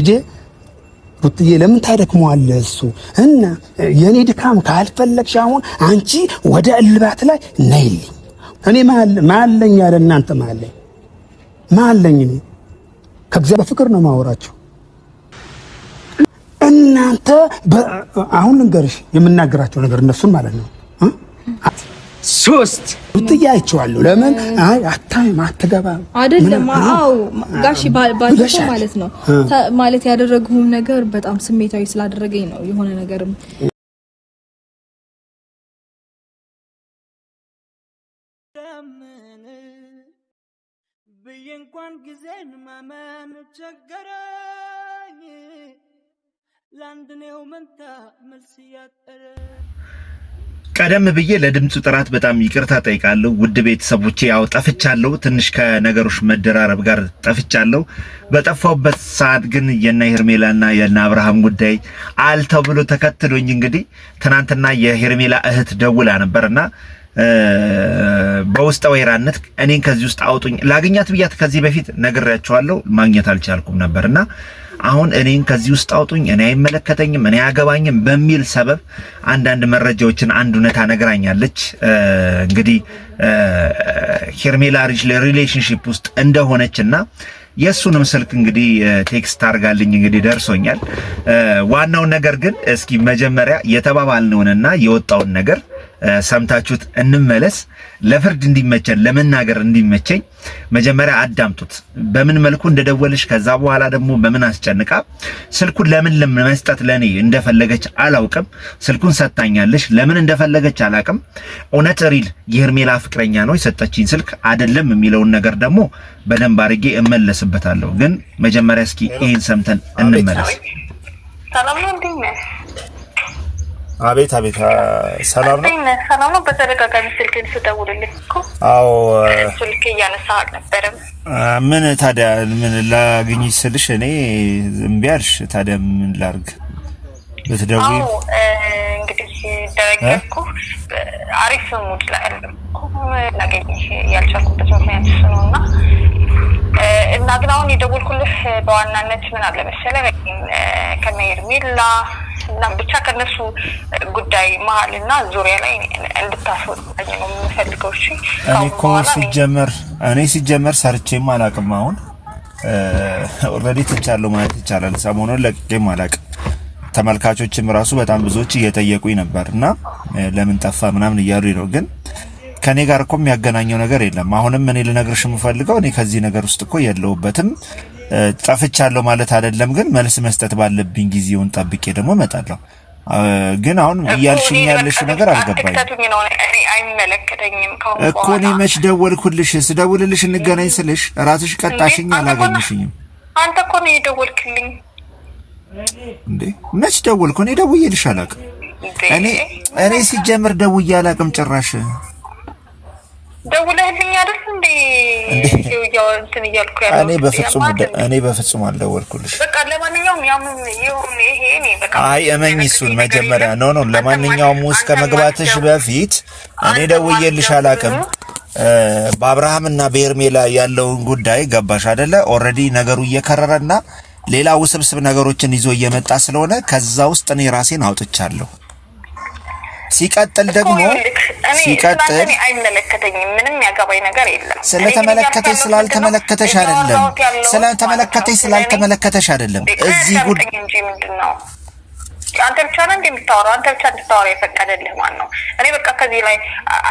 ልጄ ሩትዬ ለምን ታደክመዋለ? እሱ እና የእኔ ድካም ካልፈለግሽ አሁን አንቺ ወደ እልባት ላይ ነይልኝ። እኔ ማለኝ ያለ እናንተ ማለኝ ማለኝ እኔ ከእግዚአብሔር በፍቅር ነው ማወራቸው። እናንተ አሁን ልንገርሽ የምናገራቸው ነገር እነሱን ማለት ነው ሶስት ብትዬ አይቼዋለሁ። ለምን አይ አታይም አትገባም አይደለም? አዎ ጋሺ ባለፈው ማለት ነው ማለት ያደረግሁም ነገር በጣም ስሜታዊ ስላደረገኝ ነው። የሆነ ነገርም ብዬ እንኳን ጊዜን ማመን ቸገረኝ። ለአንድ ነው መንታ መልስ ያጠረ ቀደም ብዬ ለድምፁ ጥራት በጣም ይቅርታ ጠይቃለሁ። ውድ ቤተሰቦቼ ያው ጠፍቻለሁ፣ ትንሽ ከነገሮች መደራረብ ጋር ጠፍቻለሁ። በጠፋውበት ሰዓት ግን የነ ሄርሜላና የነ አብርሃም ጉዳይ ብሎ ተከትሎኝ እንግዲህ ትናንትና የሄርሜላ እህት ደውላ ነበርና በውስጠ ወይራነት እኔን ከዚህ ውስጥ አውጡኝ። ላግኛት ብያት ከዚህ በፊት ነግሬያቸዋለሁ፣ ማግኘት አልቻልኩም ነበርና አሁን እኔን ከዚህ ውስጥ አውጡኝ፣ እኔ አይመለከተኝም፣ እኔ አያገባኝም በሚል ሰበብ አንዳንድ መረጃዎችን አንድ እውነታ ነግራኛለች። እንግዲህ ሄርሜላ ሪሌሽንሽፕ ውስጥ እንደሆነች እና የእሱንም ስልክ እንግዲህ ቴክስት አድርጋልኝ እንግዲህ ደርሶኛል። ዋናውን ነገር ግን እስኪ መጀመሪያ የተባባልነውንና የወጣውን ነገር ሰምታችሁት እንመለስ። ለፍርድ እንዲመቸን ለመናገር እንዲመቸኝ መጀመሪያ አዳምጡት፣ በምን መልኩ እንደደወለች፣ ከዛ በኋላ ደግሞ በምን አስጨንቃ ስልኩን ለምን ለመስጠት ለኔ እንደፈለገች አላውቅም። ስልኩን ሰጥታኛለች፣ ለምን እንደፈለገች አላውቅም። እውነት ሪል የሄርሜላ ፍቅረኛ ነው የሰጠችኝ ስልክ አይደለም የሚለውን ነገር ደግሞ በደንብ አድርጌ እመለስበታለሁ። ግን መጀመሪያ እስኪ ይህን ሰምተን እንመለስ። አቤት አቤት፣ ሰላም ነው ሰላም ነው። በተደጋጋሚ ስልክህን ስደውልልህ እኮ ስልክ እያነሳ አልነበረም። ምን ታዲያ ምን ላግኝሽ ስልሽ እኔ እምቢ አልሽ። ታዲያ ምን ላርግ? ብትደውይ እንግዲህ ደረገልኩ። አሪፍ ሙድ ላይ ላገኝሽ ያልቻልኩበት ምክንያት እሱ ነው እና እና ግን አሁን የደወልኩልህ በዋናነት ምን አለ መሰለህ ከነ ሄርሜላ እና ብቻ ከነሱ ጉዳይ መሀል እና ዙሪያ ላይ እንድታስወጣኝ ነው የምፈልገው። እሺ እኔ እኮ ሲጀመር እኔ ሲጀመር ሰርቼም አላቅም። አሁን ኦልሬዲ ትቻለሁ ማለት ይቻላል። ሰሞኑን ለቅቄም አላቅም። ተመልካቾችም ራሱ በጣም ብዙዎች እየጠየቁኝ ነበር እና ለምን ጠፋ ምናምን እያሉ ነው። ግን ከእኔ ጋር እኮ የሚያገናኘው ነገር የለም። አሁንም እኔ ልነግርሽ የምፈልገው እኔ ከዚህ ነገር ውስጥ እኮ የለውበትም ጠፍቻለሁ ማለት አይደለም፣ ግን መልስ መስጠት ባለብኝ ጊዜውን ጠብቄ ደግሞ እመጣለሁ። ግን አሁን እያልሽኝ ያለሽ ነገር አልገባኝ እኮ። እኔ መች ደወልኩልሽ? ስደውልልሽ እንገናኝ ስልሽ ራስሽ ቀጣሽኝ፣ አላገኝሽኝም። አንተ እኮ ነው የደወልክልኝ እንዴ? መች ደወልኩ? እኔ ደውዬልሽ አላቅም። እኔ እኔ ሲጀምር ደውዬ አላቅም ጭራሽ ደውለህልኝ አይደል እንዴ? እንትን እያልኩ ያለው እኔ በፍጹም እኔ በፍጹም አልደወልኩልሽ። በቃ ለማንኛውም ያምን ይሄ እኔ በቃ አይ እመኝ እሱን መጀመሪያ ኖ ኖ፣ ለማንኛውም ውስጥ ከመግባትሽ በፊት እኔ ደውዬልሽ አላቅም። በአብርሃምና በሄርሜላ ያለውን ጉዳይ ገባሽ አደለ? ኦልሬዲ ነገሩ እየከረረና ሌላ ውስብስብ ነገሮችን ይዞ እየመጣ ስለሆነ ከዛ ውስጥ እኔ ራሴን አውጥቻለሁ። ሲቀጥል ደግሞ ሲቀጥል አይመለከተኝም። ምንም ያገባኝ ነገር የለም። ስለተመለከተሽ ስላልተመለከተሽ አይደለም፣ ስለተመለከተሽ ስላልተመለከተሽ አይደለም። እዚህ ጉድ እንጂ ምንድን ነው አንተ ብቻ ነው እንደምታወራው፣ አንተ ብቻ እንድታወራ የፈቀደልህ ማን ነው? እኔ በቃ ከዚህ ላይ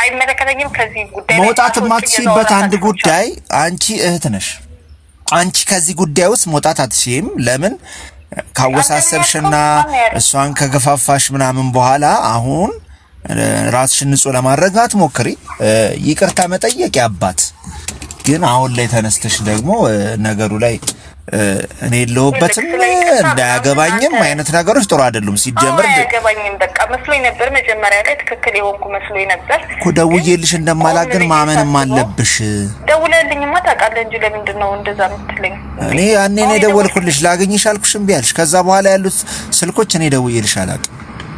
አይመለከተኝም። ከዚህ ጉዳይ መውጣት የማትችልበት አንድ ጉዳይ አንቺ እህት ነሽ። አንቺ ከዚህ ጉዳይ ውስጥ መውጣት አትችይም። ለምን ካወሳሰብሽና እሷን ከገፋፋሽ ምናምን በኋላ አሁን ራስሽን ንጹህ ለማድረግ አትሞክሪ። ይቅርታ መጠየቅ ያባት ግን አሁን ላይ ተነስተሽ ደግሞ ነገሩ ላይ እኔ የለሁበትም እንዳያገባኝም አይነት ነገሮች ጥሩ አይደሉም። ሲጀምር ያገባኝም በቃ መስሎኝ ነበር መጀመሪያ ላይ ትክክል የሆንኩ መስሎኝ ነበር እኮ ደውዬልሽ እንደማላግን ማመንም አለብሽ። ደውለልኝማ ታውቃለህ እንጂ ለምንድን ነው እንደዛ የምትለኝ? እኔ ያኔ እኔ ደወልኩልሽ ላግኝሽ አልኩሽ እምቢ አልሽ። ከዛ በኋላ ያሉት ስልኮች እኔ ደውዬልሽ አላውቅም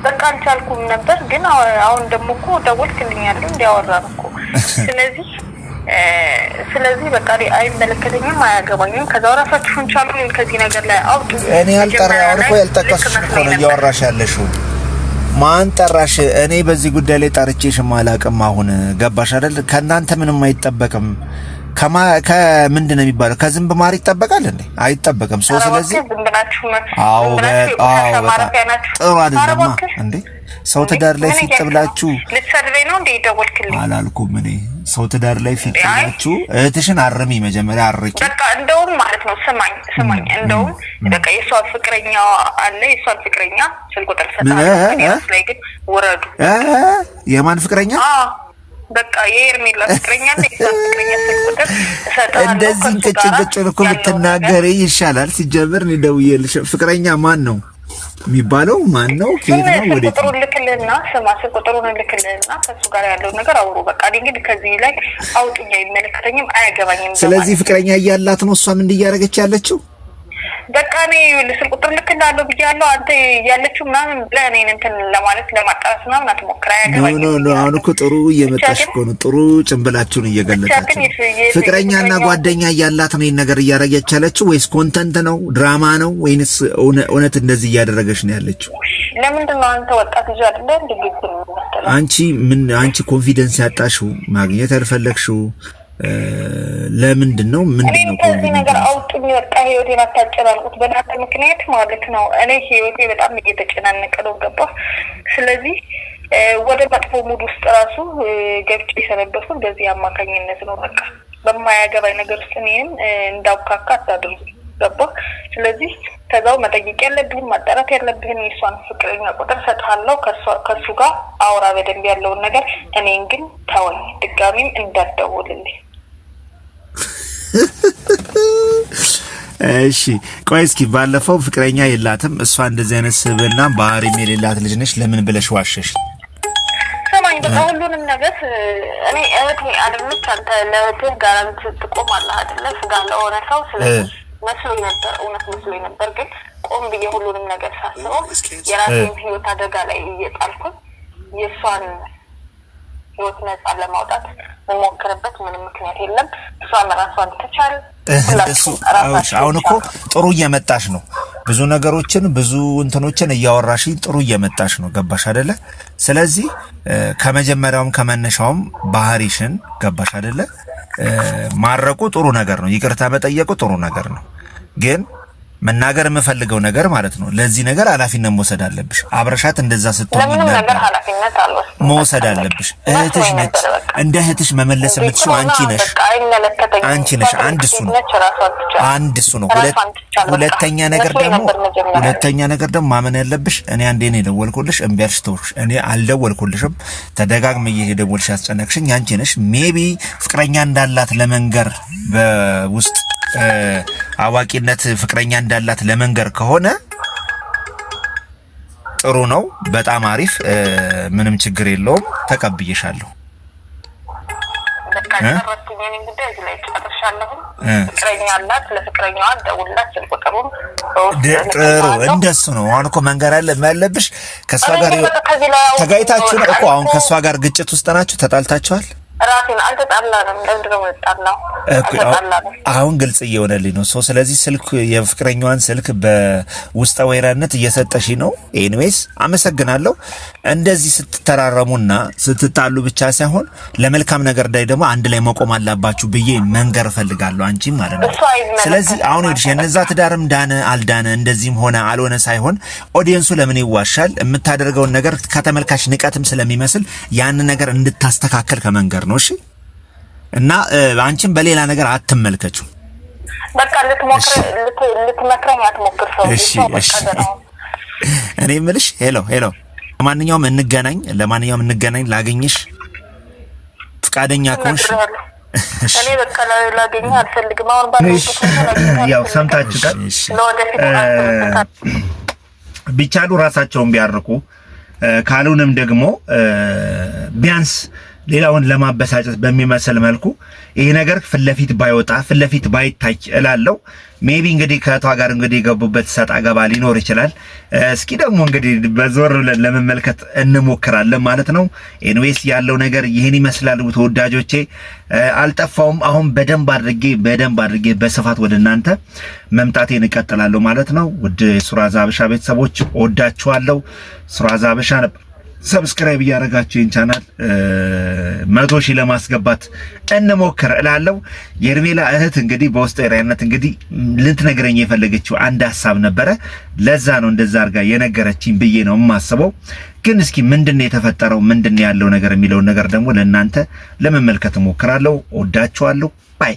በቃ አልቻልኩም ነበር። ግን አሁን ደግሞ እኮ ደወልክልኛል እንዲያወራን እኮ ስለዚህ ስለዚህ በቃ አይመለከተኝም፣ አያገባኝም። ከዛው ራሳችሁን ቻሉ ከዚህ ነገር ላይ አውጡ። እኔ ያልጠራ አሁን እኮ ያልጠቀስኩሽ እኮ ነው እያወራሽ ያለሽው። ማን ጠራሽ? እኔ በዚህ ጉዳይ ላይ ጠርቼሽ አላቅም። አሁን ገባሽ አይደል? ከእናንተ ምንም አይጠበቅም። ከምንድን ነው የሚባለው? ከዝንብ ማር ይጠበቃል እንዴ? አይጠበቅም። ሶ ስለዚህ አዎ፣ በጣም ጥሩ አይደለማ እንዴ? ሰው ትዳር ላይ ፊት ብላችሁ አላልኩም እኔ። ሰው ትዳር ላይ ፊት ብላችሁ እህትሽን አርሚ፣ መጀመሪያ አርቂ። በቃ እንደውም ማለት ነው ስማኝ፣ ስማኝ፣ እንደውም በቃ የእሷ ፍቅረኛ አለ፣ የእሷ ፍቅረኛ ስልክ ቁጥር ሰጣለሁ። ላይ ግን ውረዱ። የማን ፍቅረኛ አዎ በቃ የኤርሜላ ፍቅረኛ ፍቅረኛ ስልቁጥር እንደዚህ እንቅጭቅጩን እኮ ብትናገሪ ይሻላል። ሲጀምር እኔ ደውዬልሽ ፍቅረኛ ማን ነው የሚባለው ማን ነው ከየት ነው ወደ ቁጥሩን ልክልህና ስማ፣ ስልክ ቁጥሩን ልክልህና ከሱ ጋር ያለው ነገር አውሩ። በቃ እኔ ከዚህ ላይ አውጡኝ፣ አይመለከተኝም፣ አያገባኝም። ስለዚህ ፍቅረኛ እያላት ነው እሷም እንዲህ እያደረገች ያለችው በቃ እኔ ስል ቁጥር ልክ እንዳለው ብያለሁ። አንተ ያለችው ምናምን ብለህ እኔን እንትን ለማለት ለማጣራት ምናምን አትሞክር። ኖ ኖ፣ አሁን እኮ ጥሩ እየመጣሽ እኮ ነው። ጥሩ ጭንብላችሁን እየገለጣችሁ ፍቅረኛና ጓደኛ እያላት ነው ይህን ነገር እያደረገች ያለችው፣ ወይስ ኮንተንት ነው ድራማ ነው ወይንስ እውነት እንደዚህ እያደረገች ነው ያለችው? ለምንድን ነው አንተ ወጣት ልጅ አይደለ አንቺ ምን አንቺ ኮንፊደንስ ያጣሽው ማግኘት ያልፈለግሽው ለምንድን ነው ምንድን ነው ከዚህ ነገር አውጡኝ፣ በቃ ህይወቴን አታጨላልቁት በእናንተ ምክንያት ማለት ነው። እኔ ህይወቴ በጣም እየተጨናነቀ ነው ገባ። ስለዚህ ወደ መጥፎ ሙድ ውስጥ ራሱ ገብቼ የሰነበትኩት በዚህ አማካኝነት ነው። በቃ በማያገባኝ ነገር ውስጥ እኔም እንዳውካካ አታድርጉ ገባ። ስለዚህ ከዛው መጠየቅ ያለብህን ማጣራት ያለብህን የእሷን ፍቅረኛ ቁጥር ሰጥሃለሁ፣ ከእሱ ጋር አውራ በደንብ ያለውን ነገር። እኔን ግን ተወኝ፣ ድጋሚም እንዳትደውልልኝ እሺ ቆይ እስኪ ባለፈው ፍቅረኛ የላትም እሷ እንደዚህ አይነት ስብና ባህሪም የሌላት ልጅ ነች ለምን ብለሽ ዋሸሽ? ሰማኝ በቃ ሁሉንም ነገር እኔ እህቴ አድምች አንተ ለእህትህ ስጋ ለሆነ ሰው ስለዚህ መስሎኝ ነበር፣ እውነት መስሎኝ ነበር። ግን ቆም ብዬ ሁሉንም ነገር ሳስበው የራሴን ህይወት አደጋ ላይ እየጣልኩኝ የእሷን ህይወት ነጻ ለማውጣት የምሞክርበት ምንም ምክንያት የለም። እሷን ራሷን ትቻል። አሁን እኮ ጥሩ እየመጣሽ ነው። ብዙ ነገሮችን ብዙ እንትኖችን እያወራሽኝ ጥሩ እየመጣሽ ነው። ገባሽ አደለ? ስለዚህ ከመጀመሪያውም ከመነሻውም ባህሪሽን ገባሽ አደለ? ማረቁ ጥሩ ነገር ነው። ይቅርታ መጠየቁ ጥሩ ነገር ነው ግን መናገር የምፈልገው ነገር ማለት ነው። ለዚህ ነገር ኃላፊነት መውሰድ አለብሽ። አብረሻት እንደዛ ስትሆኝ መውሰድ አለብሽ። እህትሽ ነች። እንደ እህትሽ መመለስ የምትችው አንቺ ነሽ፣ አንቺ ነሽ። አንድ እሱ ነው፣ አንድ እሱ ነው። ሁለተኛ ነገር ደግሞ ሁለተኛ ነገር ደግሞ ማመን ያለብሽ እኔ አንዴ ነው የደወልኩልሽ፣ እምቢ አልሽ፣ ተውሽ። እኔ አልደወልኩልሽም፣ ተደጋግም የደወልሽ ያስጨነቅሽኝ አንቺ ነሽ። ሜቢ ፍቅረኛ እንዳላት ለመንገር በውስጥ አዋቂነት ፍቅረኛ እንዳላት ለመንገር ከሆነ ጥሩ ነው። በጣም አሪፍ፣ ምንም ችግር የለውም። ተቀብዬሻለሁ። ጥሩ እንደሱ ነው። አሁን እኮ መንገር አለ ያለብሽ ከእሷ ጋር ተጋይታችሁ ነው እኮ አሁን ከእሷ ጋር ግጭት ውስጥ ናችሁ፣ ተጣልታችኋል አሁን ግልጽ እየሆነልኝ ነው። ስለዚህ ስልክ የፍቅረኛዋን ስልክ በውስጠ ወይራነት እየሰጠሽ ነው። ኤኒዌይስ አመሰግናለሁ። እንደዚህ ስትተራረሙና ስትጣሉ ብቻ ሳይሆን ለመልካም ነገር ላይ ደግሞ አንድ ላይ መቆም አላባችሁ ብዬ መንገር እፈልጋለሁ። አንቺም ማለት ነው። ስለዚህ አሁን ሄድሽ የነዛ ትዳርም ዳነ አልዳነ እንደዚህም ሆነ አልሆነ ሳይሆን ኦዲየንሱ ለምን ይዋሻል? የምታደርገውን ነገር ከተመልካች ንቀትም ስለሚመስል ያን ነገር እንድታስተካከል ከመንገር ነው ነው። እሺ እና አንቺም በሌላ ነገር አትመልከችው። በቃ ልትመክረኝ አትሞክር ሰው። እሺ እሺ እኔ ምልሽ ሄሎ ሄሎ፣ ለማንኛውም እንገናኝ፣ ለማንኛውም እንገናኝ። ላገኝሽ ፍቃደኛ ከሆንሽ ያው ሰምታችሁታል። ቢቻሉ ራሳቸውን ቢያርቁ ካልሆነም ደግሞ ቢያንስ ሌላውን ለማበሳጨት በሚመስል መልኩ ይሄ ነገር ፍለፊት ባይወጣ ፍለፊት ባይታይ እላለሁ። ሜቢ እንግዲህ ከቷ ጋር እንግዲህ የገቡበት ሰጣ ገባ ሊኖር ይችላል። እስኪ ደግሞ እንግዲህ በዞር ብለን ለመመልከት እንሞክራለን ማለት ነው። ኤንዌስ ያለው ነገር ይህን ይመስላል። ተወዳጆቼ አልጠፋውም። አሁን በደንብ አድርጌ በደንብ አድርጌ በስፋት ወደ እናንተ መምጣቴን እቀጥላለሁ ማለት ነው። ውድ ሱራዛ ሀበሻ ቤተሰቦች ወዳችኋለሁ። ሱራዛ ሀበሻ ነበር። ሰብስክራይብ እያደረጋችሁ ቻናል መቶ ሺህ ለማስገባት እንሞክር እላለሁ። የእርሜላ እህት እንግዲህ በውስጥ ራይነት እንግዲህ ልትነግረኝ የፈለገችው አንድ ሀሳብ ነበረ። ለዛ ነው እንደዛ አርጋ የነገረችኝ ብዬ ነው የማስበው። ግን እስኪ ምንድን የተፈጠረው፣ ምንድን ያለው ነገር የሚለውን ነገር ደግሞ ለእናንተ ለመመልከት እሞክራለሁ። ወዳችኋለሁ። ባይ